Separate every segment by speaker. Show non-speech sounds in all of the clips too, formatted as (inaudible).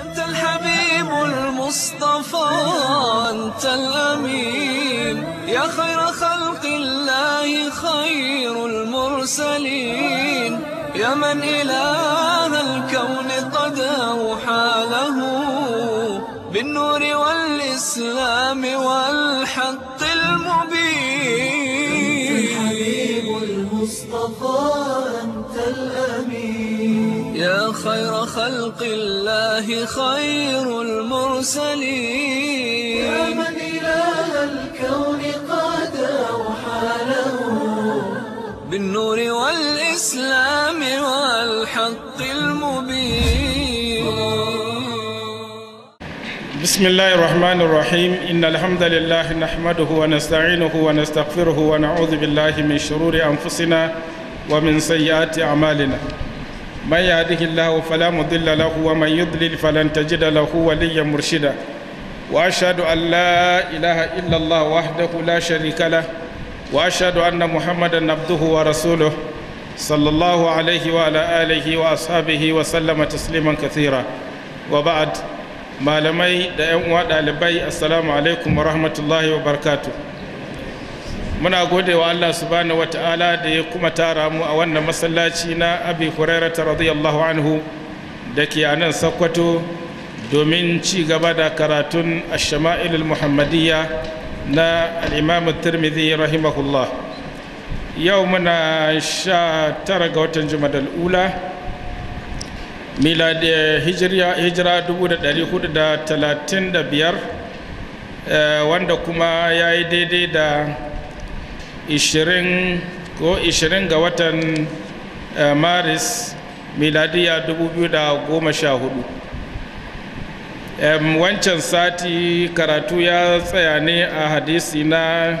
Speaker 1: أنت الحبيب المصطفى أنت الأمين يا خير خلق الله خير المرسلين يا من إله الكون قد أوحى له بالنور والإسلام والحق خلق الله خير المرسلين يا من إله الكون قاد وحاله بالنور والإسلام والحق المبين
Speaker 2: بسم الله الرحمن الرحيم إن الحمد لله نحمده ونستعينه ونستغفره ونعوذ بالله من شرور أنفسنا ومن سيئات أعمالنا من يهده الله فلا مضل له ومن يضلل فلن تجد له وليا مرشدا واشهد ان لا اله الا الله وحده لا شريك له واشهد ان محمدا عبده ورسوله صلى الله عليه وعلى اله واصحابه وسلم تسليما كثيرا وبعد malamai da 'yan uwa ɗalibai assalamu alaikum wa rahmatullahi wa barkatu muna godewa Allah subhanahu wataala da ya kuma tara mu a wannan masallaci na Abi Hurairah radiyallahu anhu da ke a nan Sokoto domin ci gaba da karatun Ash-Shama'il muhammadiyya na al-Imam Tirmidhi rahimahullah yau muna sha tara ga watan Jumadal ula miladi hijira hijira 1435 wanda kuma yayi daidai da 20 ko 20 ga watan eh, maris miladiya 2014 wancan sati karatu ya tsaya ne a hadisi na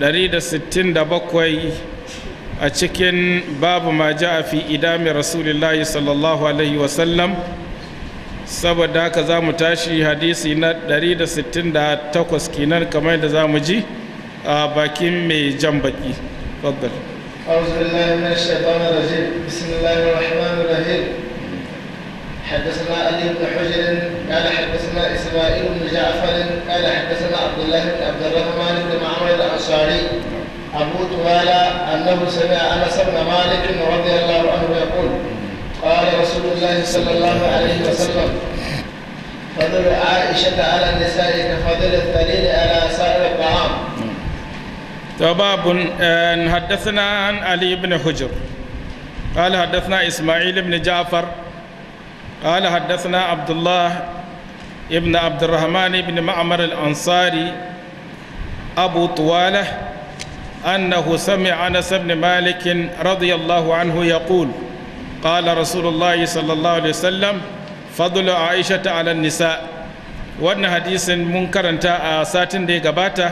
Speaker 2: 167 a cikin babu ma ja a fi idami rasulullahi sallallahu alaihi wasallam saboda haka za mu tashi hadisi na 168 kenan kamar da za mu ji آه، باكين مي mai تفضل
Speaker 3: أعوذ بالله من الشيطان الرجيم بسم الله الرحمن الرحيم حدثنا علي بن حجر قال حدثنا إسماعيل بن جعفر قال حدثنا عبد الله بن عبد الرحمن بن معمر الأنصاري أبو طوالى أنه سمع أنس بن مالك رضي الله عنه يقول قال رسول الله صلى الله عليه وسلم فضل عائشة على النساء كفضل الثليل على سائر الطعام
Speaker 2: باب حدثنا عن علي بن حجر قال حدثنا إسماعيل بن جعفر قال حدثنا عبد الله ابن عبد الرحمن بن معمر الأنصاري أبو طوالة أنه سمع أنس بن مالك رضي الله عنه يقول قال رسول الله صلى الله عليه وسلم فضل عائشة على النساء وأن حديث منكر ساتن دي قباته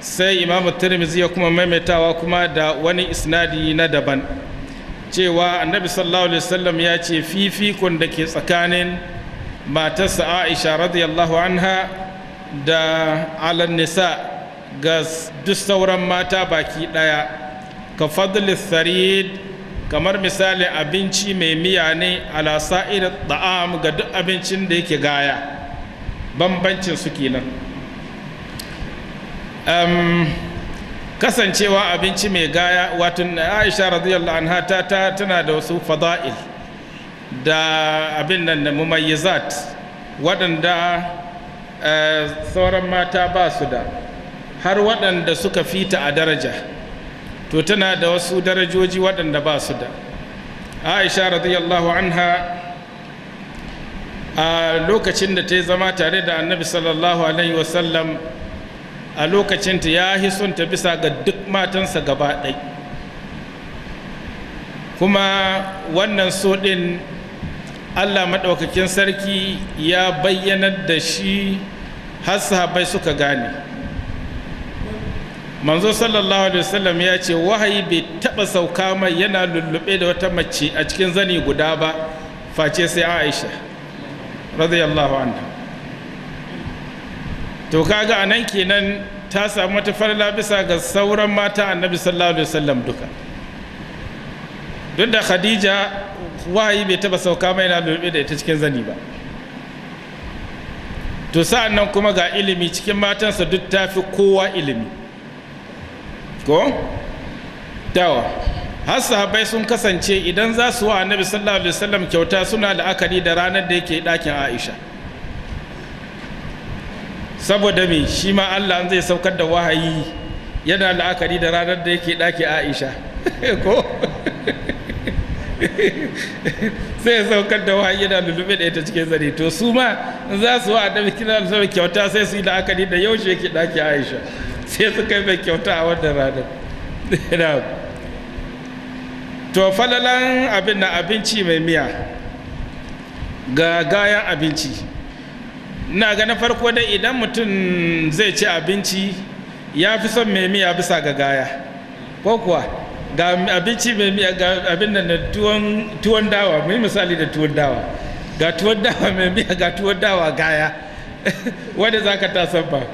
Speaker 2: sai imamu tirmizi ya kuma maimaitawa kuma da wani isnadi na daban cewa annabi sallallahu alaihi wasallam ya ce fifikon da ke tsakanin matarsa aisha radiyallahu anha da alan nisa ga duk sauran mata baki daya ka fadli sarid kamar misali abinci mai miya ne ala sa'ir da'am ga duk abincin da yake gaya bambancin su kenan kasancewa abinci mai gaya wato aisha radiyallahu anha ta ta tana da wasu fada'il da abin nan da mumayyizat waɗanda eh, sauran mata ba su da har waɗanda suka fita a daraja to tana da wasu darajoji waɗanda ba su da aisha radiyallahu anha a lokacin da ta yi zama tare da annabi sallallahu alaihi wasallam a lokacinta ya yi son bisa ga duk matansa gaba ɗai kuma wannan so ɗin allah maɗaukakin sarki ya bayyanar da shi har sahabai suka gane manzo sallallahu alaihi wasallam ya ce wahayi bai taɓa sauka mai yana lullube da wata mace a cikin zani guda ba face sai aisha radiyallahu anha to kaga a nan kenan ta samu wata farla bisa ga sauran mata annabi sallallahu alaihi wasallam duka duk da khadija wahayi bai taba sauka mai na lobe da ita cikin zani ba to sa'an nan kuma ga ilimi cikin matansa duk ta fi kowa ilimi ko dawa har sahabbai sun kasance idan za su wa annabi sallallahu alaihi wasallam kyauta suna la'akari da ranar da yake dakin aisha saboda me shi ma Allah zai saukar da wahayi yana la'akari da ranar da yake ɗaki Aisha (laughs) ko (laughs) sai ya saukar da wahayi yana lulluɓe da ita cikin zari. to su ma za su wa annabi kiran sa kyauta sai su yi la'akari da yau shi yake ɗaki Aisha (laughs) sai su kai mai kyauta a wannan ranar to falalan abin na abinci mai miya ga gayan abinci Na ga na farko dai idan mutum zai ci abinci ya fi son mai miya bisa ga gaya ko kuwa ga abinci mai miya ga abin da tuwon dawa mu yi misali da tuwon dawa ga tuwon dawa mai miya ga tuwon dawa gaya (laughs) wadda za ka ta ba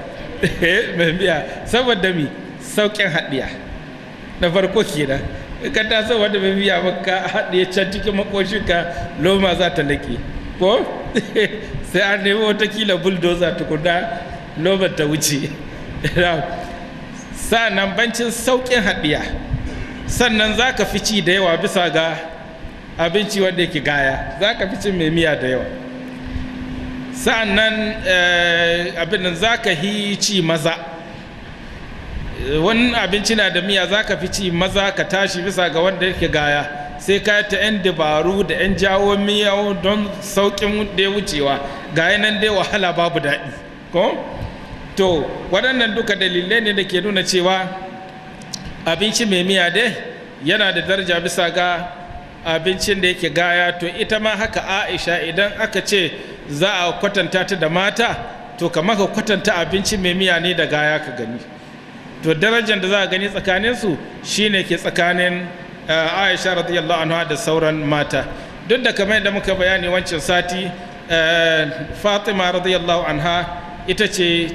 Speaker 2: (laughs) eh, mai miya saboda mi sauƙin haɗiya na farko kenan ka taso wanda mai miya maka haɗiye can cikin makoshinka loma za ta laƙe ko (laughs) sai an nemo watakila bulldozer tukuna noman ta wuce sa'annan bancin sauƙin haɗiya sannan za ka fi ci da yawa bisa ga abinci wanda yake gaya za ka fi cin mai miya da yawa sa'annan eh, abin nan za ka hi ci maza wani abinci na da miya za ka fi ci maza ka tashi bisa ga wanda yake gaya sai ka ta 'yan dabaru da 'yan jawo miyau don sauƙin da wucewa ga nan dai wahala babu daɗi ko to waɗannan duka dalilai ne da ke nuna cewa abinci mai miya dai yana da daraja bisa ga abincin da yake gaya to ita ma haka aisha idan aka ce za a kwatanta ta da mata to kamar ka kwatanta abinci mai miya ne da gaya ka gani to darajar da za a gani tsakaninsu shine ke tsakanin eh, aisha radiyallahu anha da sauran mata duk da kamar yadda muka bayani wancan sati Eh, fatima radiyallahu anha ita ce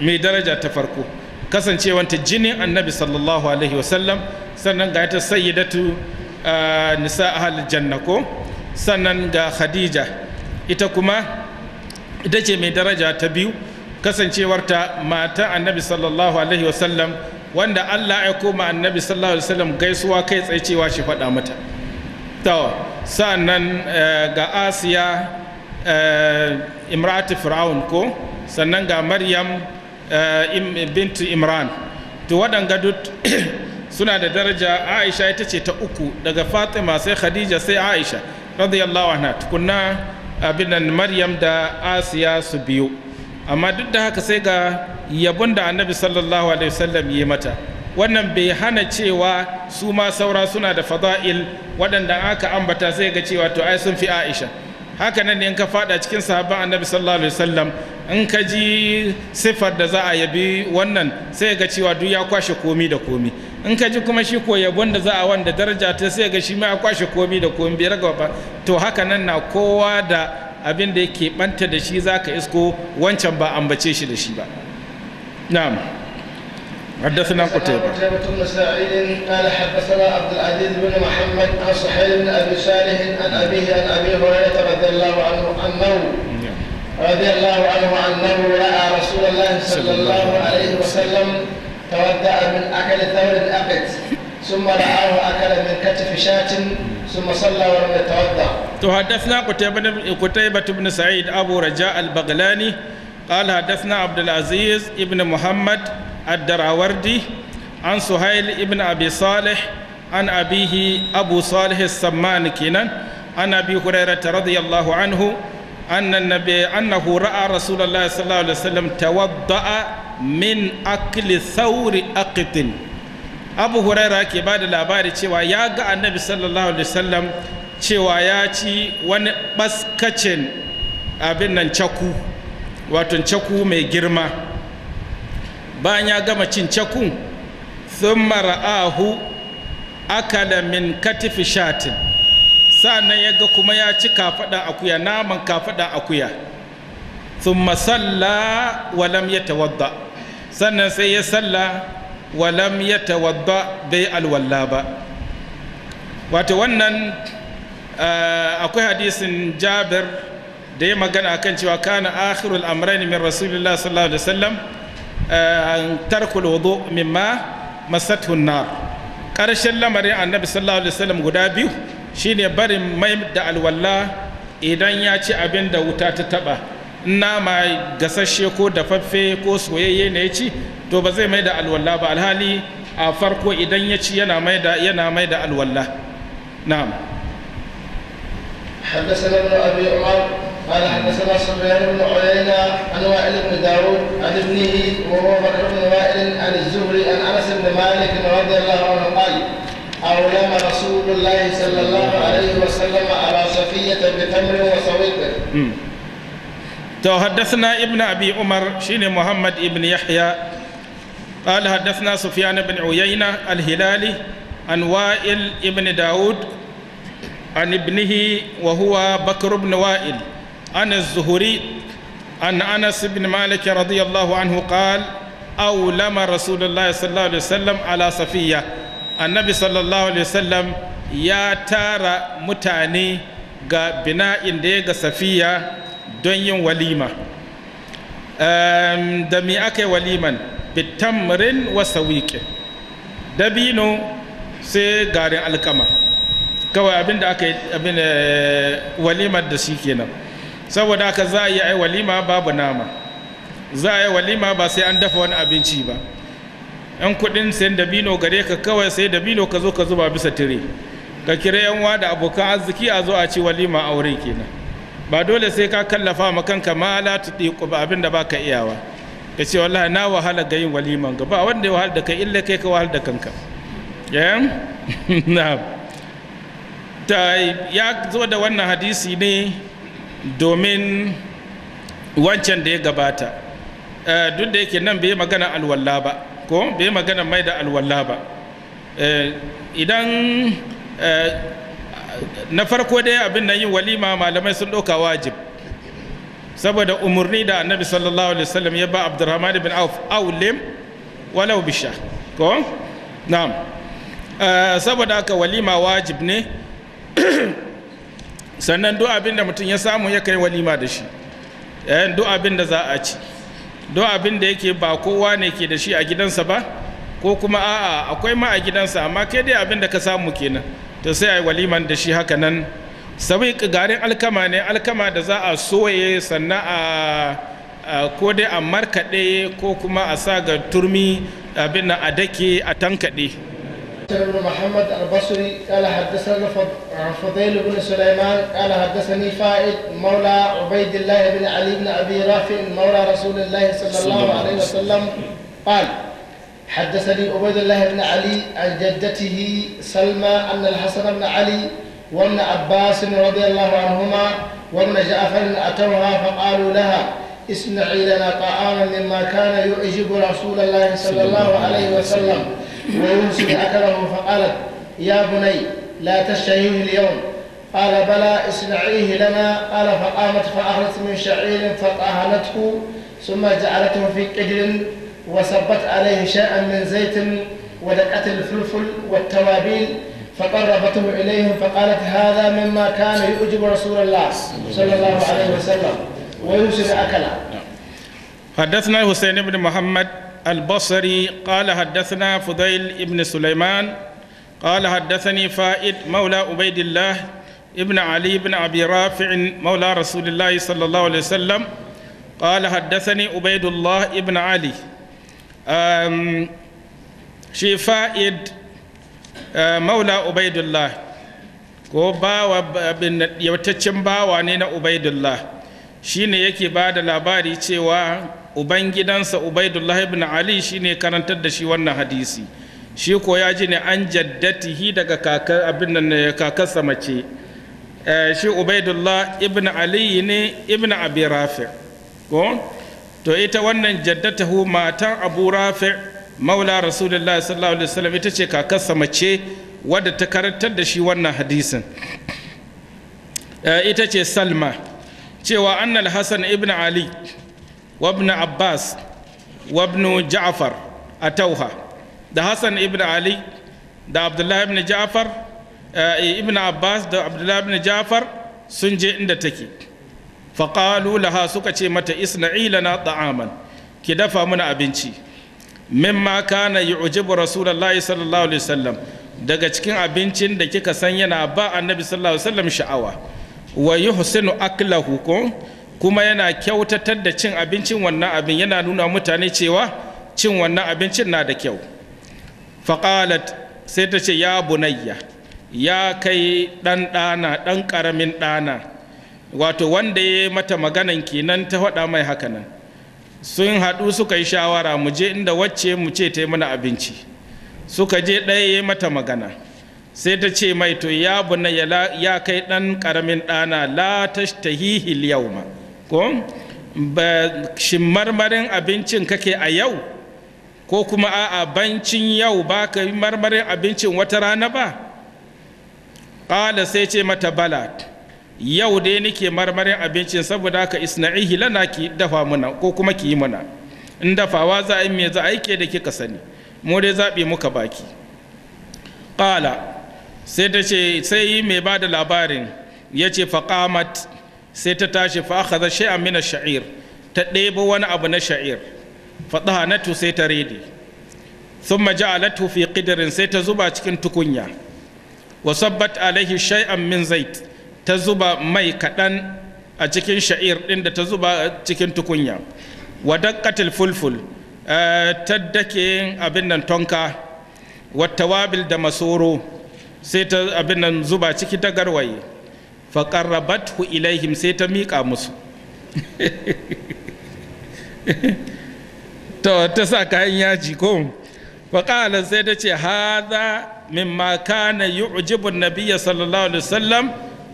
Speaker 2: mai daraja ta farko kasancewanta jinin annabi sallallahu alaihi wasallam sannan ga ita sayyidatu eh, nisa ahal janna ko sannan ga khadija ita kuma ita ce mai daraja ta biyu kasancewarta mata annabi sallallahu alaihi wasallam wanda allah ya koma annabi sallallahu alaihi wasallam gaisuwa kai tsaye cewa shi faɗa mata sannan eh, ga asiya Eh, imratu firawun ko sannan ga maryam eh, bintu imran to waɗanga duk (coughs) suna da daraja aisha ita ce ta uku daga fatima sai khadija sai aisha radiyallahu anha tukunna abinan maryam da asiya su biyu amma duk da haka sai ga yabon da annabi sallallahu alaihi wasallam yi mata wannan bai hana cewa su ma saura suna da fada'il waɗanda aka ambata sai ga cewa to ai sun fi aisha hakanan ne in ka fada cikin sahabban annabi sallallahu alaihi wasallam in ka ji sifar da za a yabi wannan sai ga cewa duk ya kwashe komi da komi in ka ji kuma shi ko yabon da za a wanda daraja ta sai ga shi ma ya kwashe komi da komi bai raga ba to hakanan na kowa da abin da yake banta da shi zaka isko wancan ba ambace shi da shi ba na'am حدثنا قتيبة
Speaker 3: بن سعيد قال حدثنا عبد العزيز بن محمد عن سحيل بن ابي صالح عن ابيه عن ابي هريره رضي الله عنه انه رضي الله عنه انه راى رسول الله صلى الله عليه وسلم تودع من اكل ثور اقت ثم رآه أكل من كتف شاة ثم صلى ولم يتوضأ
Speaker 2: تحدثنا قتيبة بن سعيد أبو رجاء البغلاني قال حدثنا عبد العزيز ابن محمد الدراوردي عن سهيل ابن أبي صالح عن أبيه أبو صالح السمان كنان عن أبي هريرة رضي الله عنه أن النبي أنه رأى رسول الله صلى الله عليه وسلم توضأ من أكل ثور أقط abu huraira ke ba da labari cewa ya ga annabi sallallahu alaihi wasallam cewa ya ci wani baskacin abin nan caku wato caku mai girma bayan ya gama cin cakun thumma ra'ahu akala min katifi shatin sa'annan ya ga kuma ya ci kafaɗa akuya naman kafaɗa akuya sun masalla walam ya tawadda sannan sai ya salla walam ya tawadda bai alwalla ba wato wannan eh, akwai hadisin jabir da ya magana akan cewa kana akhirul amrani min rasulillah sallallahu alaihi wasallam tarkul wudu mimma masathu nar karshen lamarin annabi sallallahu alaihi wasallam guda biyu shine barin mai da alwalla idan ya ci abin da wuta ta taba nama gasashe ko dafaffe ko soyayye ne ya ci to ba zai mai da alwala ba alhali a farko idan ya ci yana mai da yana mai da alwalla na'am
Speaker 3: حدثنا ابن ابي عمر قال حدثنا سفيان بن عيينة عن وائل بن داود عن ابنه وهو بكر بن وائل عن الزهري عن أنس بن مالك رضي الله عنه قال أولم رسول الله صلى الله عليه وسلم على صفية بتمر وسويق
Speaker 2: تو حدثنا ابن أبي عمر شين محمد ابن يحيى قال حدثنا سفيان بن عيينة الهلالي عن وائل ابن داود عن ابنه وهو بكر بن وائل عن الزهري عن أنس بن مالك رضي الله عنه قال أولم رسول الله صلى الله عليه وسلم على صفية النبي صلى الله عليه وسلم يا ترى متاني ga bina'in da ga safiya don yin walima da mi aka yi waliman bitamarin wasa wiƙe dabino sai garin alkama kawai abin aka yi walimar da shi kenan saboda haka za a yi ai walima babu nama za a yi walima ba sai an dafa wani abinci ba yan kudin sayan dabino gare ka kawai sai dabino ka zo ka zuba bisa tire ka kira yan da abokan arziki a zo a ci walima aure kenan ba dole sai ka kallafa ma kanka ma la tudiku ba abinda baka iyawa ka ce wallahi na wahala ga yin waliman ga ba wanda ya wahala da kai illa kai ka wahala da kanka yan (laughs) na ta ya zo da wannan hadisi ne domin wancan da ya gabata eh, duk da yake nan bai magana alwallah ba ko bai magana mai da alwallah ba eh, idan eh, na farko dai abin nan yin walima malamai sun ɗauka wajib saboda umarni da annabi sallallahu alaihi wasallam ya ba abdurrahman bin auf aulim walau bisha ko na'am saboda haka walima wajib ne (coughs) sannan duk abin da mutum ya samu ya kai walima da shi yayin eh, duk abin da za a ci duk abin da yake ba kowa ne ke da shi a gidansa ba ko kuma a'a akwai ma a gidansa amma kai dai abin da ka samu kenan to sai a yi waliman da shi haka nan sabai garin alkama ne alkama da za a soye sannan a ko dai a markaɗe ko kuma a sa ga turmi abin a dake a tankaɗe
Speaker 3: بن محمد البصري قال حدثنا فضيل بن سليمان قال حدثني فائد مولى عبيد الله بن علي بن ابي رافع مولى رسول الله صلى الله عليه وسلم قال حدثني عبيد الله بن علي عن جدته سلمى ان الحسن بن علي وابن عباس رضي الله عنهما وابن جعفر اتوها فقالوا لها اسمعي لنا طعاما مما كان يعجب رسول الله صلى الله عليه وسلم ويوسف أكله فقالت يا بني لا تشتهيه اليوم قال بلى اصنعيه لنا قال فقامت فأخذت من شعير فطهنته ثم جعلته في قدر وصبت عليه شيئا من زيت ودقت الفلفل والتوابيل فقربته إليهم فقالت هذا مما كان يؤجب رسول الله صلى الله عليه وسلم ويوسف أكله
Speaker 2: حدثنا حسين بن محمد البصري قال حدثنا فضيل بن سليمان قال حدثني فائد مولى عبيد الله ابن علي بن أبي رافع مولى رسول الله صلى الله عليه وسلم قال حدثني عبيد الله ابن علي شي فائد مولى عبيد الله ko bawa yautaccen bawa ne na ubaidullah shine yake ba da labari cewa ubangidansa ubaidullah ibn ali shine karantar da shi wannan hadisi shi ko ya ji ne an jaddatihi daga kakar abin nan eh, kakarsa mace eh, shi ubaidullah ibn ali ne ibn abi rafi ko to ita wannan jaddatahu matan abu rafi maula rasulullah sallallahu alaihi wasallam ita ce kakarsa mace wadda ta karantar da shi wannan hadisin eh, ita ce salma cewa annal hasan ibn ali وابن عباس وابن جعفر أتوها ده حسن ابن علي ده عبد الله ابن جعفر ابن عباس ده عبد الله ابن جعفر سنجي عند تكي فقالوا لها سكتي متى اصنعي لنا طعاما كدفا من أبنتي مما كان يعجب رسول الله صلى الله عليه وسلم daga cikin abincin da kika san yana ba annabi sallallahu alaihi wasallam sha'awa wa yuhsinu aklahu ko kuma yana kyautatar da cin abincin wannan abin yana nuna mutane cewa cin wannan abincin na da kyau faƙalat sai ta ce ya bunayya ya kai ɗan ɗana ɗan ƙaramin ɗana wato wanda ya mata maganan kenan ta faɗa mai hakanan sun haɗu suka yi shawara mu je inda wacce mu ce ta yi mana abinci suka je ɗaya ya mata magana sai ta ce mai to ya bunayya ya kai ɗan ƙaramin ɗana la tashtahihi yawma ko ba shin marmarin abincin kake a yau ko kuma a abincin yau ba ka yi marmarin abincin wata rana ba ƙala sai ce mata bala yau dai nake marmarin abincin saboda haka isna'ihi lana ki dafa muna ko kuma ki yi muna in dafawa za a yi me za a yi ke da kika sani mu dai zaɓe muka baki ƙala sai ta ce sai mai ba da labarin ya ce faƙamat sai ta tashi fa akhadha shay'an min ash-sha'ir ta ɗebo wani abu na sha'ir fadahanatu sai ta redi thumma ja'alatu fi qidrin sai ta zuba cikin tukunya wa sabbat alaihi shay'an min zait ta zuba mai kaɗan a cikin sha'ir ɗin da ta zuba cikin tukunya wa daqqatil fulful eh, ta dake abin nan tonka wa tawabil da masoro sai ta abin nan zuba ciki ta garwaye hu ilaihim sai ta miƙa musu (laughs) ta ta sa kayan yaji ko faƙala sai ta ce haza min na kana yu'jibun Nabiya sallallahu alaihi wasallam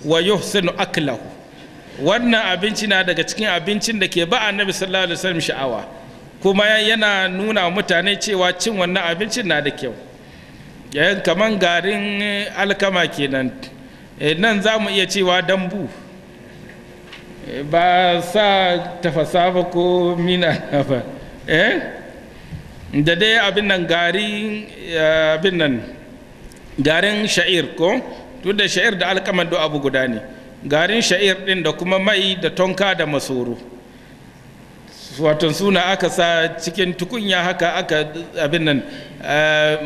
Speaker 2: wa yuhsinu aklahu wannan abinci na daga cikin abincin da ke ba annabi sallallahu alaihi wasallam sha'awa kuma yana nuna mutane cewa cin wannan abincin na da kyau yayin kaman garin alkama kenan Eh, nan za mu iya cewa dambu eh, ba sa tafasa ba ko mina (laughs) ba eh? da dai abin nan gari abin nan garin sha'ir ko duk da sha'ir da alkaman abu guda ne garin sha'ir din da kuma mai da tonka da masoro wato suna aka sa cikin tukunya haka aka abin nan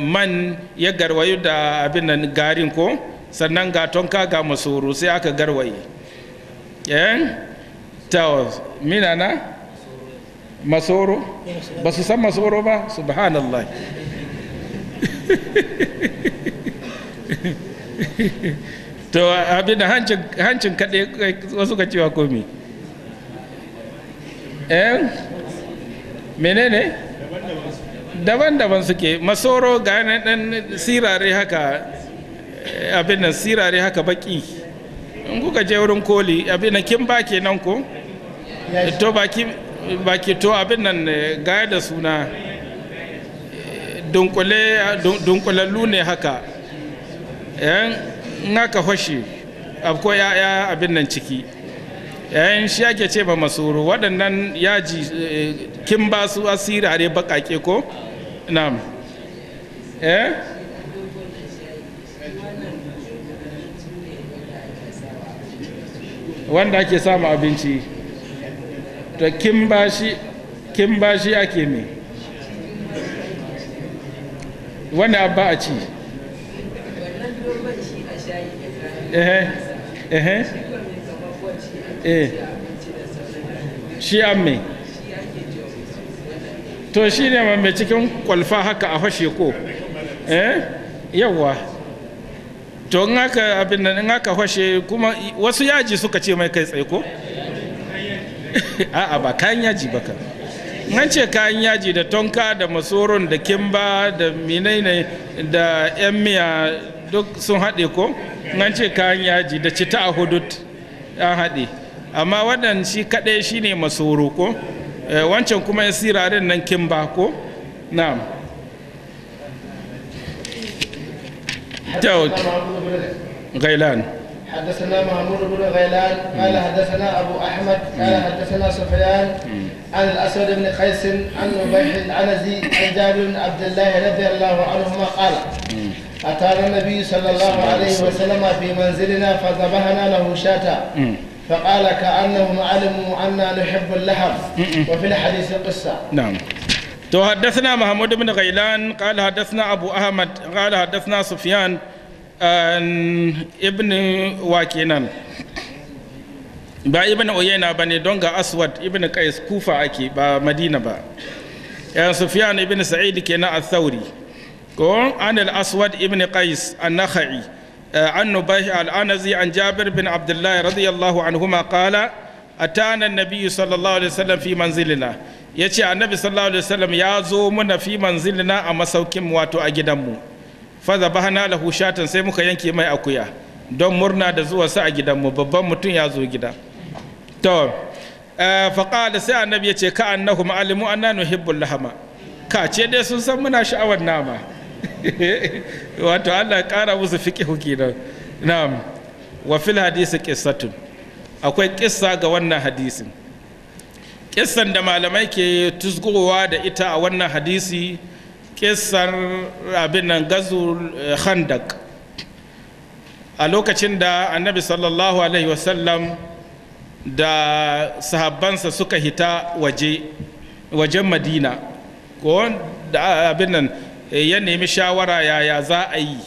Speaker 2: man ya garwayo da abin nan garin ko sannan ga tonka ga masoro sai aka garwaye yan ta mina na masoro ba su san masoro ba subhanallah (laughs) to abin da hancin kaɗe wasu ka cewa komi yan menene daban-daban suke masoro ga ɗan sirare haka Eh, abin nan sirare haka baki in kuka je wurin koli abin nan kin ba ke nan ko to baki baki to abin nan eh, gaya da suna eh, dunkulallu ne haka yan naka fashe abko ya'ya abin nan ciki yan shi ake ce ba masoro waɗannan yaji kin ba su asirare baƙaƙe ko na'am eh wanda ake samu abinci to kin bashi ake mai wanda abba a ci
Speaker 1: ehe ehe eh.
Speaker 2: shi an mai to shi ne mai cikin kwalfa haka a fashe ko eh yawwa to in aka abin nan in aka fashe kuma wasu yaji suka ce mai kai tsaye ko (laughs) a'a ba kayan yaji ba ka nan ce kayan yaji da tonka da masoron da kimba da minaine da yan miya duk sun haɗe ko nan ce kayan yaji da cita a hudud an haɗe amma wannan shi kaɗai shine masoro ko eh, wancan kuma ya sirarin nan kimba ko na'am داود غيلان
Speaker 3: حدثنا مامون بن غيلان قال حدثنا ابو احمد قال حدثنا سفيان عن الاسود بن قيس عن نبيح العنزي عن جابر بن عبد الله رضي الله عنهما قال اتانا النبي صلى الله عليه وسلم في منزلنا فذبحنا له شاة فقال كانهم علموا انا نحب اللحم وفي الحديث قصه
Speaker 2: نعم تو حدثنا محمود بن غيلان قال حدثنا أبو أحمد قال حدثنا سفيان ابن واكينان ba ibn uyayna ba ne don ga aswad ibn qais kufa ake ba madina ba yan sufyan ibn sa'id kenan al-thawri ko an al-aswad ibn qais an-nakhai an nubayh al-anazi an jabir bin abdullah radiyallahu anhuma qala atana an-nabiy sallallahu alaihi wasallam fi manzilina ya ce annabi sallallahu alaihi wasallam ya zo muna fi manzilina a masaukin wato a gidanmu faza hana lahu shatan sai muka yanke mai akuya don murna da zuwansa a gidanmu babban mutum ya zo gida to eh, faqala sai annabi ya ce ka annahu ma'alimu anna nuhibbul lahama ka ce dai sun san muna sha'awar nama (laughs) wato Allah ya ƙara musu fiqihu kenan na'am wa fil hadisi qissatun akwai kissa ga wannan hadisin kissan da malamai ke tusgowa da ita a wannan hadisi kissan abin nan gazu eh, handak a lokacin da annabi sallallahu alaihi wasallam da sahabbansa suka hita waje wajen madina ko da abin nan eh, ya nemi shawara yaya za a yi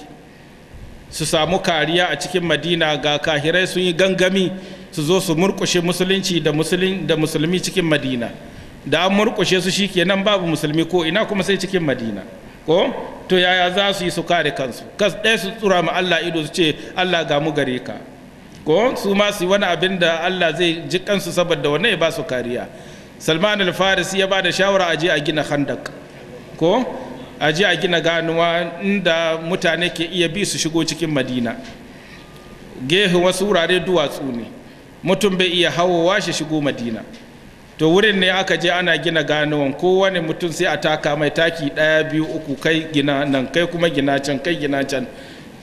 Speaker 2: su samu kariya a cikin madina ga kahirai sun yi gangami su zo su murkushe musulunci da musulmi cikin madina da an murkushe su shi shikenan babu musulmi ko ina kuma sai cikin madina ko to yaya za su yi su kare kansu kas ɗaya su tsura ma Allah ido su ce Allah ga mu gare ka ko su ma su yi wani abin da Allah zai ji kansu saboda wannan ya ba su kariya Salman al faris ya ba da shawara aje a gina Handak, ko aje a gina ganuwa inda mutane ke iya bi su shigo cikin Madina gehe wasu wurare duwatsu ne mutum bai iya hawowa shi shigo madina to wurin ne aka je ana gina ganuwan kowane mutum sai a taka mai taki ɗaya biyu uku kai gina nan kai kuma gina can kai gina can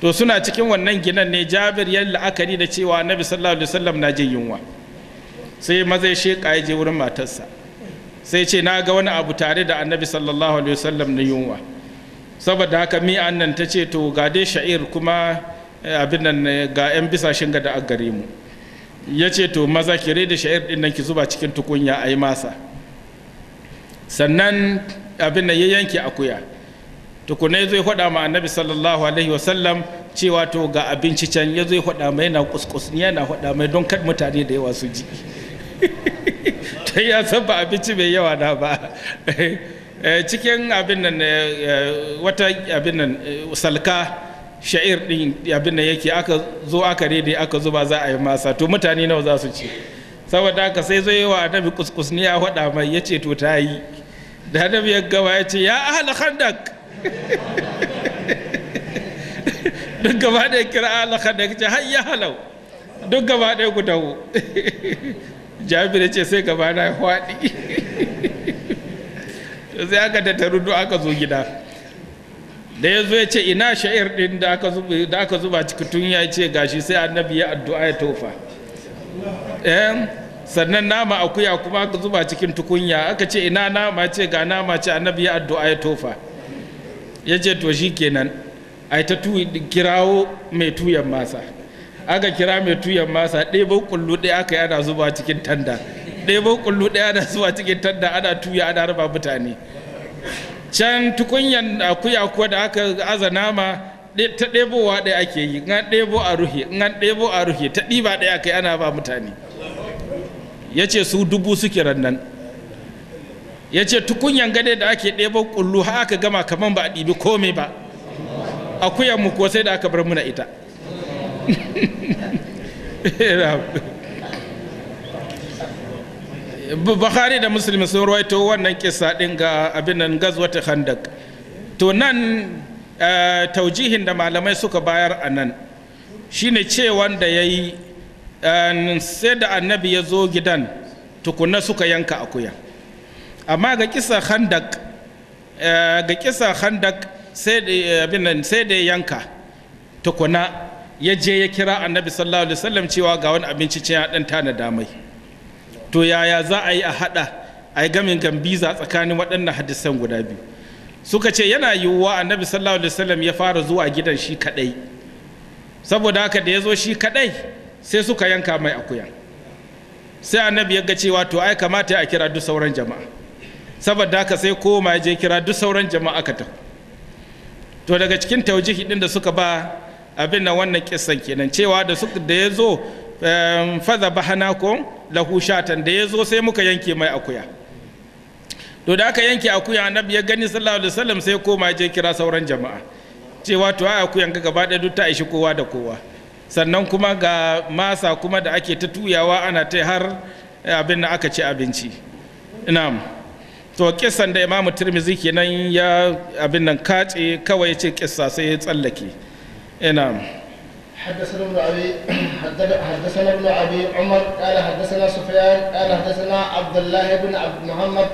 Speaker 2: to suna cikin wannan ginan ne jabir ya la'akari da cewa annabi sallallahu alaihi wasallam na jin yunwa sai maza ya sheka ya je wurin matarsa sai ce na ga wani abu tare da annabi sallallahu alaihi wasallam na yunwa saboda haka mi nan ta ce to ga dai sha'ir kuma eh, abin nan eh, ga 'yan bisa shinga da gare mu ya ce to maza ki da sha'ir din nan ki zuba cikin tukunya a yi masa sannan abin nan ya yanke akuya tukunai zai faɗa ma annabi sallallahu alaihi wasallam cewa to ga abinci can ya zai faɗa mai yana kuskus yana faɗa mai don kad mutane da yawa su ji (laughs) ta ya san ba abinci mai yawa na ba (laughs) eh, cikin abin nan eh, eh, wata abin nan salka sha'ir din abin da yake aka zo aka daidai aka zuba za a yi masa to mutane nawa za su ci saboda haka sai zo yi wa annabi kuskus ne ya faɗa mai ya ce to ta yi da annabi ya gaba ya ce ya ahal khandak (laughs) duk gaba da kira ahal khandak ce har ya halau duk gaba da ku dawo (laughs) jabir ce sai gaba na ya faɗi (laughs) sai aka tattaru aka zo gida da ya zo ya ce ina sha'ir ɗin da aka zuba cikin tun ya ce gashi sai annabi ya addu'a ya tofa sannan nama akuya kuma aka zuba cikin tukunya aka ce ina nama ce ga nama ce annabi ya addu'a ya tofa ya ce to shi kenan ai ta kirawo mai tuyan masa aka kira mai tuyan masa ɗebo kullu ɗaya aka yana zuba cikin tanda ɗebo kullu ɗaya ana zuba cikin tanda ana tuya ana raba mutane can tukunyan akuya kuwa da aka aza nama ta ɗebowa ɗaya ake yi ɗebo a ruhe in ɗebo a ruhe ta ɗiba ɗaya aka ana ba mutane ya ce su dubu suke rannan ya ce tukunyan gade da ake ɗebo kullu ha aka gama kamar ba a ɗibi komai ba akuyan mu ko sai da aka bar muna ita
Speaker 1: (laughs)
Speaker 2: eh, bukhari da muslim sun rawaito wannan kisa din ga abin nan gazwata khandak to nan eh, taujihin da malamai suka bayar a nan shine ce wanda ya yi eh, sai da annabi ya zo gidan tukuna suka yanka akuya amma ga kisa khandak eh, ga kisa khandak sai da yanka tukuna ya je ya kira annabi sallallahu alaihi wasallam cewa ga wani abinci cin ya dan tana damai to yaya za a yi a haɗa a yi gamin gambiza tsakanin waɗannan hadisan guda biyu suka ce yana yiwuwa annabi sallallahu alaihi wasallam ya fara zuwa gidan shi kaɗai saboda haka da ya zo shi kaɗai sai suka yanka mai akuya sai annabi ya ga cewa to ai kamata a kira duk sauran jama'a saboda haka sai koma ya je kira duk sauran jama'a ka tafi to daga cikin taujihi din da suka ba abin nan wannan kissan kenan cewa da da ya zo faza bahana ko lahu shatan da ya zo sai muka yanke mai akuya to da aka yanke akuya annabi ya gani sallallahu alaihi wasallam sai koma je kira sauran jama'a cewa to ai akuyan ga gaba ɗaya duk ta ishi kowa da kowa sannan kuma ga masa kuma da ake ta tuyawa ana ta har eh, abin da aka ci abinci na'am to kissan da imamu tirmizi kenan ya abin nan katse kawai ya ce kissa sai ya tsallake eh, na'am
Speaker 3: حدثنا ابن ابي حدثنا ابن ابي عمر قال حدثنا سفيان قال حدثنا عبد الله بن عبد محمد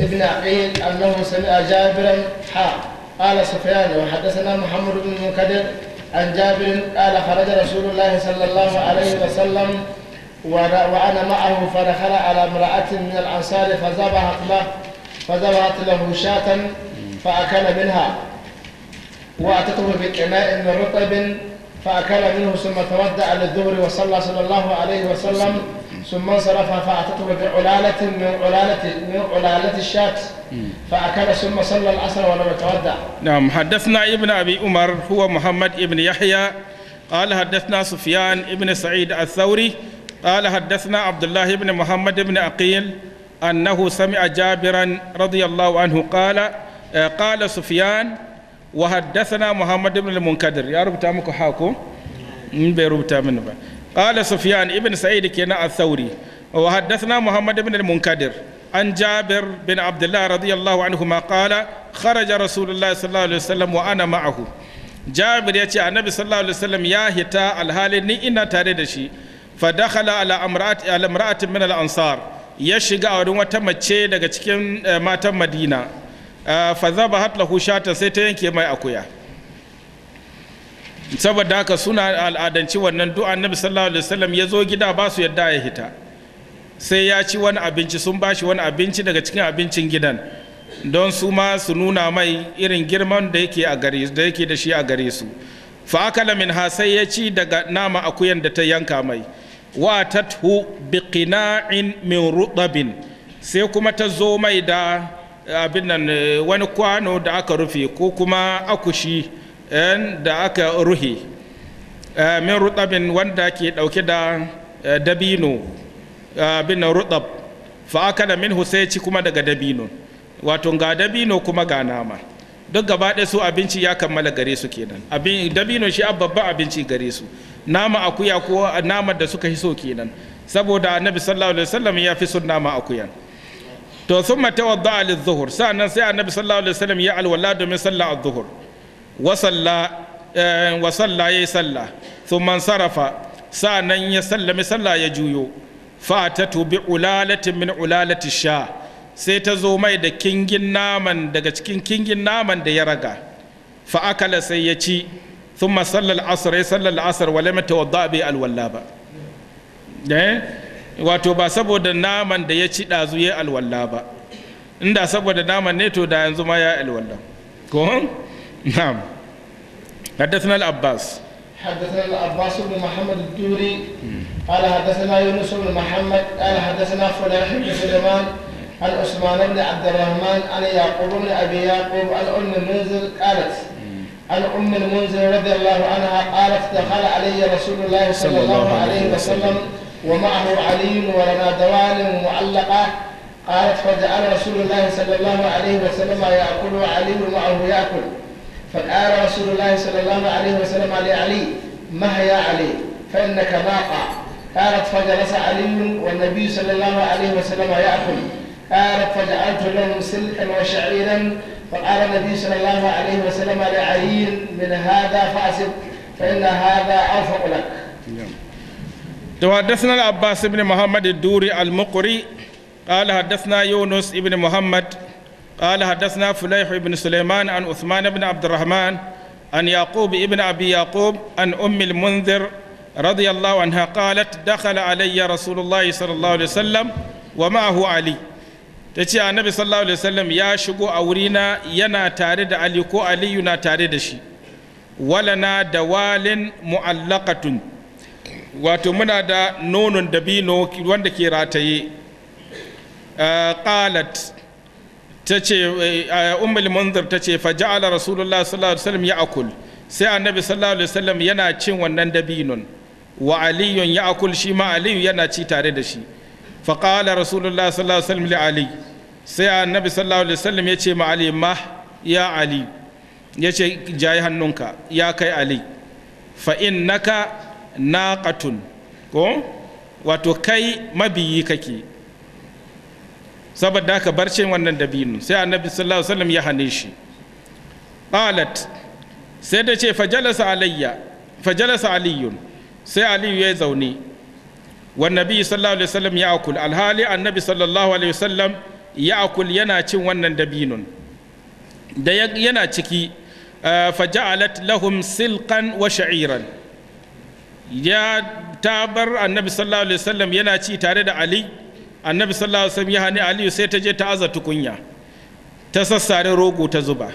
Speaker 3: ابن عقيل انه سمع جابرا حا قال سفيان وحدثنا محمد بن المنكدر عن جابر قال خرج رسول الله صلى الله عليه وسلم وانا معه فدخل على امراه من الانصار فذبحت له فذبحت له شاة فاكل منها واتته بقناء من رطب فأكل منه ثم تودع للظهر وصلى صلى الله عليه وسلم ثم انصرف فأتته بعلالة من علالة من علالة الشاة فأكل ثم صلى العصر ولم يتودع.
Speaker 2: نعم حدثنا ابن أبي عمر هو محمد ابن يحيى قال حدثنا سفيان ابن سعيد الثوري قال حدثنا عبد الله بن محمد بن أقيل أنه سمع جابرا رضي الله عنه قال آه، قال سفيان wa haddathana muhammad al-munkadir ya rubuta muku hako in mm, bai rubuta mini ba qala sufyan ibn sa'id kenan al-thawri wa haddathana muhammad ibn al-munkadir عن جابر بن عبد الله رضي الله عنهما قال خرج رسول الله صلى الله عليه وسلم وانا معه جابر يتي النبي صلى الله عليه وسلم يا هتا الحال ني انا فدخل على على من mace daga cikin eh, matan Madina Eh, fa hatla hushata sai ta yanke mai akuya saboda haka suna al'adanci wannan du'a annabi sallallahu alaihi wasallam ya zo gida ba su yadda ya hita sai ya ci wani abinci sun bashi wani abinci daga cikin abincin gidan don su ma su nuna mai irin girman da yake a gare da yake da shi a gare su fa akala minha sai ya ci daga nama akuyan da ta yanka mai wa tathu biqina'in min rutabin sai kuma ta zo mai da abin nan eh, wani kwano da aka rufe ko kuma akushi eh, da aka ruhe eh, min rutabin wanda ke dauke da dabino abin nan rutab fa aka da min ci kuma daga dabino wato ga dabino kuma ga nama duk gaba ɗaya su abinci ya kammala gare su kenan dabino shi babban abinci gare su nama akuya ko nama da suka fi so kenan saboda annabi sallallahu alaihi wasallam ya fi sun nama akuya to sun mata wadda matawadda lizuhur sa'annan sai annabi sallallahu alaihi wasallam ya alwala domin sallah Al zuhur wa salla eh, wa salla yayi salla thumma sarafa sa'annan ya sallami sallah ya juyo fa ta tubi ulalatin min ulalati sha sai ta zo mai da kingin naman daga cikin kingin naman da ya raga fa akala sai ya ci sun salla al-asr ya salla al-asr wa lam tawadda bi alwala ba eh? wato ba saboda naman da ya ci ɗazu ya alwalla ba inda saboda naman ne to da yanzu ma ya alwalla ko na'am حدثنا العباس
Speaker 3: حدثنا العباس بن محمد الدوري قال حدثنا يونس بن محمد قال حدثنا فلاح بن سليمان عن عثمان بن عبد الرحمن عن يعقوب بن ابي يعقوب عن ام المنذر قالت عن ام المنذر رضي الله عنها قالت دخل علي رسول الله صلى الله عليه وسلم ومعه علي ولنا دوال معلقة قالت فجعل رسول الله صلى الله عليه وسلم يأكل علي معه يأكل فقال رسول الله صلى الله عليه وسلم لعلي ما هي علي فإنك باقى قالت فجلس علي والنبي صلى الله عليه وسلم يأكل قالت فجعلت لهم سلكا وشعيرا فقال النبي صلى الله عليه وسلم لعلي من هذا فأسد فإن هذا أوفق لك.
Speaker 2: نعم. تحدثنا العباس بن محمد الدوري المقري قال حدثنا يونس بن محمد قال حدثنا فليح بن سليمان عن عثمان بن عبد الرحمن عن يعقوب بن أبي يعقوب عن أم المنذر رضي الله عنها قالت دخل علي رسول الله صلى الله عليه وسلم ومعه علي تتي النبي صلى الله عليه وسلم يا شغو أورينا ينا تارد علي كو علي ينا تارد شي ولنا دوال معلقة wato muna da nonon dabino wanda ke rataye eh, qalat ta ce eh, ummul munzir ta ce fa ja'ala rasulullah sallallahu alaihi wasallam ya'kul sai annabi sallallahu alaihi wasallam yana cin wannan dabinon wa aliyun ya'kul shi ma aliyu yana ci tare da shi fa qala rasulullah sallallahu alaihi wasallam li ali sai annabi sallallahu alaihi wasallam ya ce ma ali ma ya ali ya ce jayi hannunka ya kai ali fa innaka naqatun ko wato kai mabiyi kake saboda ka bar cin wannan dabino sai annabi sallallahu alaihi wasallam ya hane shi qalat sai da ce fajalasa alayya fajalasa aliyun sai aliyu ya zaune wa nabi sallallahu alaihi wasallam ya akul alhali annabi sallallahu alaihi wasallam ya akul yana cin wannan dabinun da yana ciki eh, faja'alat lahum silqan wa sha'iran ya bar annabi sallallahu alaihi wasallam yana ci tare da ali annabi sallallahu alaihi wasallam ya hani aliyu sai ta je ta aza tukunya ta sassare rogo ta zuba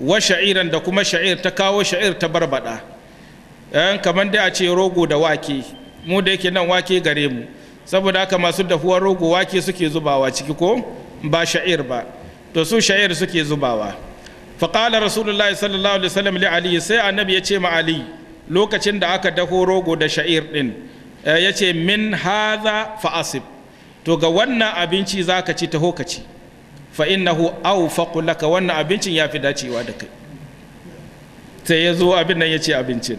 Speaker 2: wa sha'iran da kuma sha'ir ta kawo sha'ir ta barbada yan kamar dai a ce rogo da wake mu da yake nan wake gare mu saboda haka masu dafuwar rogo wake suke zubawa ciki ko ba sha'ir ba to su sha'ir suke zubawa faqala rasulullahi sallallahu alaihi wasallam li ali sai annabi ya ce ma ali lokacin da aka daho rogo da sha'ir ɗin eh, ya ce min haza fa'asib to ga wannan abinci za ka ci taho ka ci fa innahu awfaqu laka wannan abincin ya fi dacewa da kai sai ya zo abin nan ya ce abincin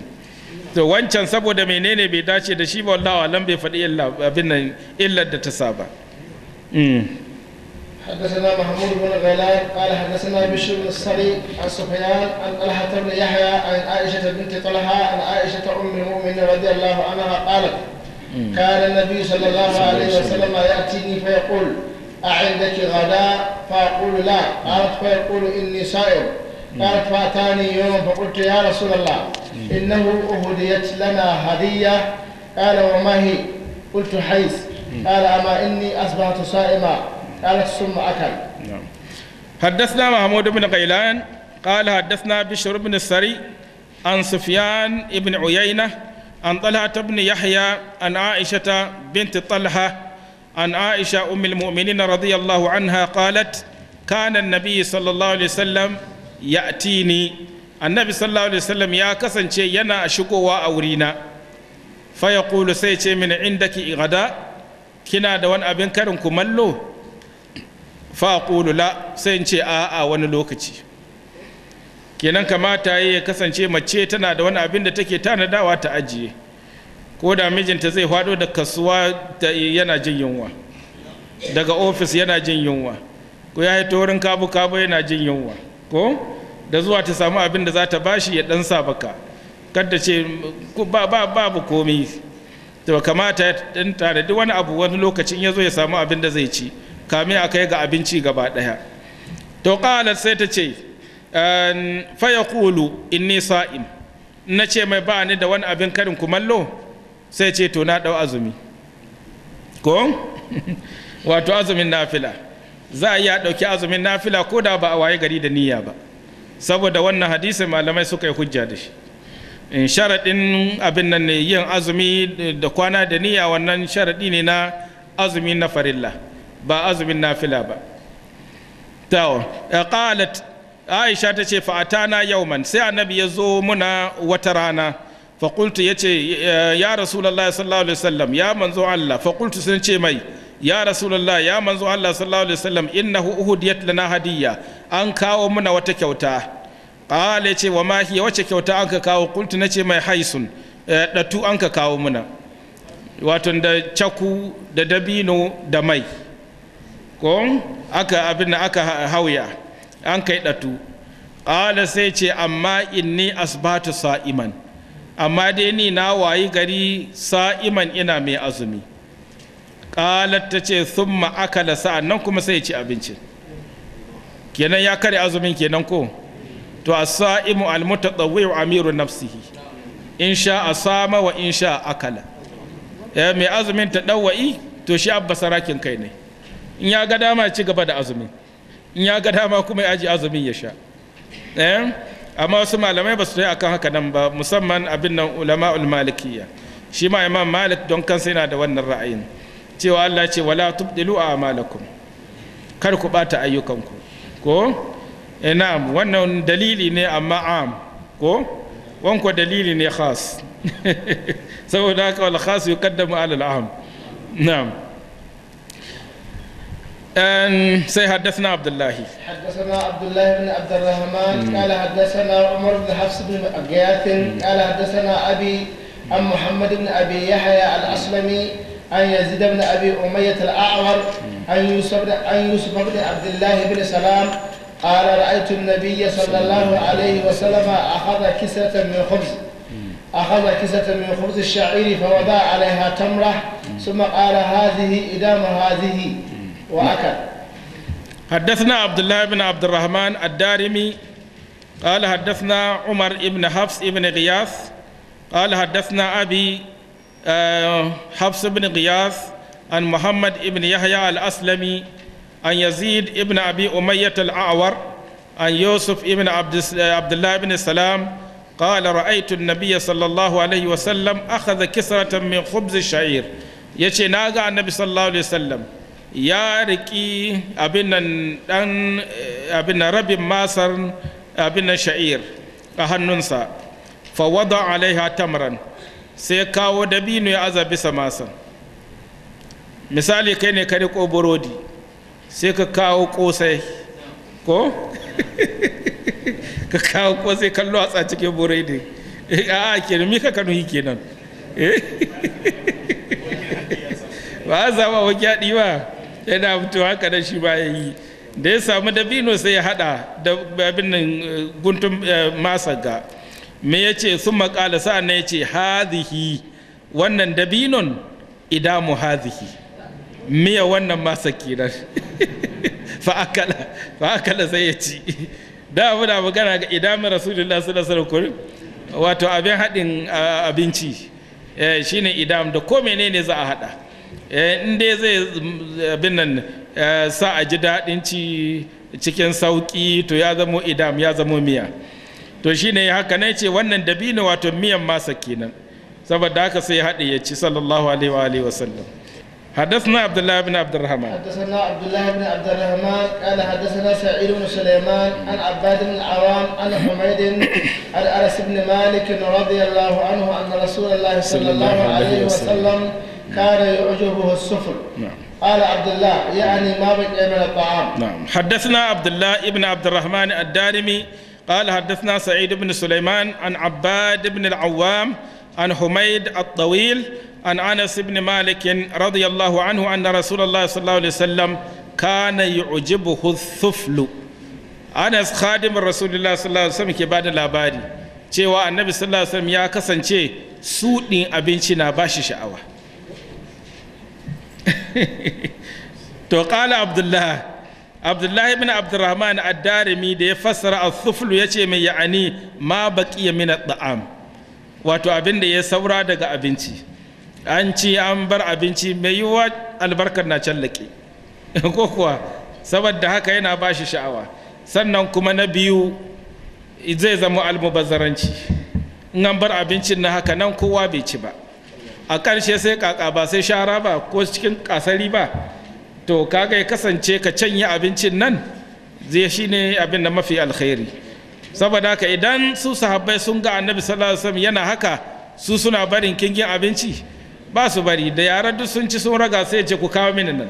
Speaker 2: to wancan saboda menene bai dace da shi ba wallawa lambe bai faɗi abin nan illar da ta saba hmm.
Speaker 3: حدثنا محمود بن غيلان قال حدثنا بشر بن الصري عن سفيان عن طلحه بن يحيى عن عائشه بنت طلحه عن عائشه ام المؤمنين رضي الله عنها قالت كان النبي صلى الله عليه وسلم ياتيني فيقول اعندك غداء فاقول لا قالت فيقول اني صائم قالت فاتاني يوم فقلت يا رسول الله انه اهديت لنا هديه قال وما هي قلت حيث قال اما اني اصبحت صائما قال السم أكل
Speaker 2: نعم حدثنا محمود بن غيلان قال حدثنا بشر بن السري عن سفيان بن عيينة عن طلحة بن يحيى عن عائشة بنت طلحة عن عائشة أم المؤمنين رضي الله عنها قالت كان النبي صلى الله عليه وسلم يأتيني النبي صلى الله عليه وسلم يا كسن شيء ينا أشكو أورينا فيقول سيتي من عندك غدا كنا دوان أبن كرم كملو fa aqulu la sai in ce a'a wani lokaci kenan kamata ya kasance mace tana da wani abin da take tanadawa ta ajiye ko da mijinta zai faɗo da kasuwa da yana jin yunwa daga ofis yana jin yunwa ko ya haito wurin kabu kabu yana jin yunwa ko da zuwa ta samu abin da za ta bashi ya dan sa baka kadda ce ba babu komi to kamata dan tare duk wani abu wani lokacin ya zo ya samu abin da zai ci kami a kai ga abinci gaba ɗaya to ƙalar sai ta ce ehm, faya kulu inni sa'im na ce mai ba ni da wani abin karin kumallo sai ce to na ɗau azumi ko (laughs) wato azumin nafila za a iya ɗauki azumin nafila ko da ba a waye gari da niyya ba saboda wannan hadisi malamai suka yi hujja da shi in sharaɗin abin nan ne yin azumi da kwana da niyya wannan sharaɗi ne na azumi na farilla ba azumin nafila ba tawo eh, qalat aisha ta ce fa'atana yauman sai annabi ya zo muna wata rana faƙultu ya ce eh, ya rasulallah sallallahu alaihi wasallam ya manzo allah faƙultu sun ce mai ya rasulallah ya manzo allah sallallahu alaihi wasallam innahu uhudiyat lana hadiyya an kawo muna wata kyauta qala ce wa ma hiya wace kyauta an ka kawo qultu nace mai haisun eh, datu an ka kawo muna wato da caku da dabino da mai ko aka abin da aka hauya an kai datu ala sai ce amma inni asbatu sa'iman amma dai ni na wayi gari sa'iman ina mai azumi ƙalar ta ce thumma akala sa'an nan kuma sai ci abincin kenan ya kare azumin kenan ko to as-sa'imu amiru nafsihi in sha asama wa in sha akala eh, mai azumin ta dawai to shi abba sarakin kai ne in ya ga dama ya ci gaba da azumi in ya ga dama kuma ya aji azumin ya sha eh? amma wasu malamai ba su yi akan haka nan ba musamman abin nan ulama ulmalikiya shi ma imam malik don kansa yana da wannan ra'ayin cewa allah ce wala tubdilu a amalakum kar ku bata ayyukanku ko eh, na'am wannan dalili ne amma am ko wanko dalili ne khas (laughs) saboda haka wal khas yuqaddamu ala al'am am na'am أن سيحدثنا عبد الله
Speaker 3: حدثنا عبد الله بن عبد الرحمن قال حدثنا عمر بن حفص بن أجياث قال حدثنا أبي عن محمد بن أبي يحيى الأسلمي عن يزيد بن أبي أمية الأعور عن يوسف عن يوسف بن عبد الله بن سلام قال رأيت النبي صلى الله عليه وسلم أخذ كسرة من خبز أخذ كسرة من خبز الشعير فوضع عليها تمرة ثم قال هذه إدام هذه
Speaker 2: وأكل حدثنا عبد الله بن عبد الرحمن الدارمي قال حدثنا عمر بن حفص بن غياث قال حدثنا أبي حفص بن غياث عن محمد بن يحيى الأسلمي عن يزيد بن أبي أمية الأعور عن يوسف بن عبد الله بن سلام قال رأيت النبي صلى الله عليه وسلم أخذ كسرة من خبز الشعير يتي ناقع النبي صلى الله عليه وسلم ya riƙi abin nan rabin masar abin nan sha'ir a hannunsa fawada alaiha tamran sai kawo dabino ya aza bisa masar misali kai ne ka riƙo burodi sai ka kawo ƙosai ko (laughs) ka kawo ƙosai kallo a cikin burodi eh, a kenan mika yi kenan eh? (laughs) ba a zama wajen ɗiwa yana mutu haka da shi ba ya yi da ya samu dabino sai ya hada da abin nan eh, guntun eh, masaga me ya ce sun makala sa na ya ce hazihi wannan dabinon idamu hazihi miya wannan masa kenan (laughs) fa'akala fa'akala sai ya ci da abu da magana ga idamin rasulullah sallallahu alaihi wasallam wato abin haɗin eh, abinci shine idam da ko menene za a haɗa Eh, in dai zai mm, abin nan eh, sa a ji daɗin ci cikin sauƙi to ya zamo idam ya zamo miya to shine haka ne ce wannan dabino wato miyan masa kenan saboda haka sai haɗe ya ci sallallahu alaihi wa alihi wasallam حدثنا عبد الله بن عبد الرحمن
Speaker 3: حدثنا عبد الله بن عبد الرحمن قال حدثنا سعيد بن سليمان عن عباد بن العوام عن حميد عن انس بن مالك رضي الله عنه ان رسول الله صلى الله عليه وسلم كان يعجبه السفل نعم قال عبد الله يعني ما بقي من الطعام
Speaker 2: نعم حدثنا عبد الله ابن عبد الرحمن الدارمي قال حدثنا سعيد بن سليمان عن عباد بن العوام عن حميد الطويل عن انس بن مالك رضي الله عنه ان رسول الله صلى الله عليه وسلم كان يعجبه السفل anas khadimin rasulullah sallallahu alaihi wasallam ke bada labari cewa annabi sallallahu alaihi wasallam ya kasance suɗin abinci na bashi sha'awa (laughs) to qala abdullah abdullahi ibn abdurrahman ad-darimi da ya fassara as ya ce mai ya'ani ma baqiya min at-ta'am wato abin da ya saura daga abinci an ci an bar abinci mai yiwuwa albarkar na callake (laughs) ko kuwa saboda haka yana ba shi sha'awa sannan kuma na biyu zai zama almubazzaranci in an bar abincin na haka nan kowa bai ci ba a ƙarshe sai kaka ba sai shara ba ko cikin kasari ba to kaga ya kasance ka canye abincin nan zai ne abin da mafi alkhairi saboda haka idan su sahabbai sun ga annabi sallallahu alaihi wasallam yana haka su suna barin kingin abinci ba su bari da yaran duk sun ci sun raga sai ce ku kawo mini nan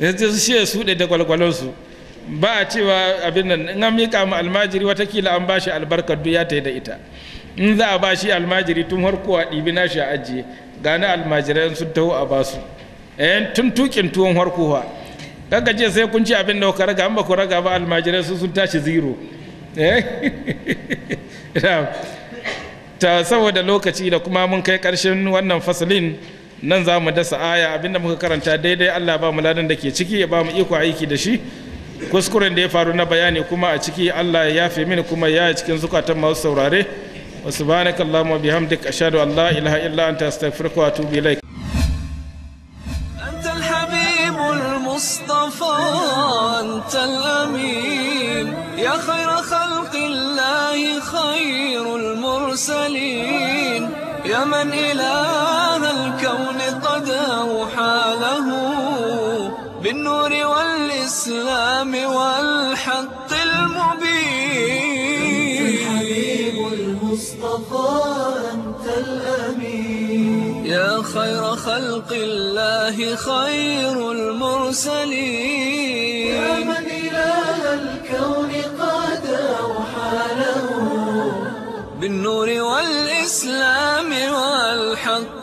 Speaker 2: yanzu eh, (laughs) su shi su da su ba a cewa abin nan in an miƙa mu almajiri watakila an bashi albarkar duniya ya ta da ita in za a ba shi almajiri tun harko a ɗibi nashi a ajiye gane almajiran sun taho a ba su. Eh, tun tukin tuwon harkowa kaga ce sai kun ci abin da kuka raga an ba ku raga ba almajiran sun tashi zero eh, (laughs) ta saboda lokaci da kuma mun kai karshen wannan fasalin nan za mu dasa aya abinda muka karanta daidai allah ba mu ladan da ke ciki ya ba mu iko aiki da shi kuskuren da ya faru na bayani kuma a ciki allah ya yafe mini kuma ya cikin zukatan masu saurare وسبحانك اللهم وبحمدك أشهد أن لا إله إلا أنت أستغفرك وأتوب إليك
Speaker 1: أنت الحبيب المصطفى أنت الأمين يا خير خلق الله خير المرسلين يا من إله الكون قد أوحى له بالنور والإسلام والحق المبين خير خلق الله خير المرسلين يا من إله الكون قاد وحاله بالنور والإسلام والحق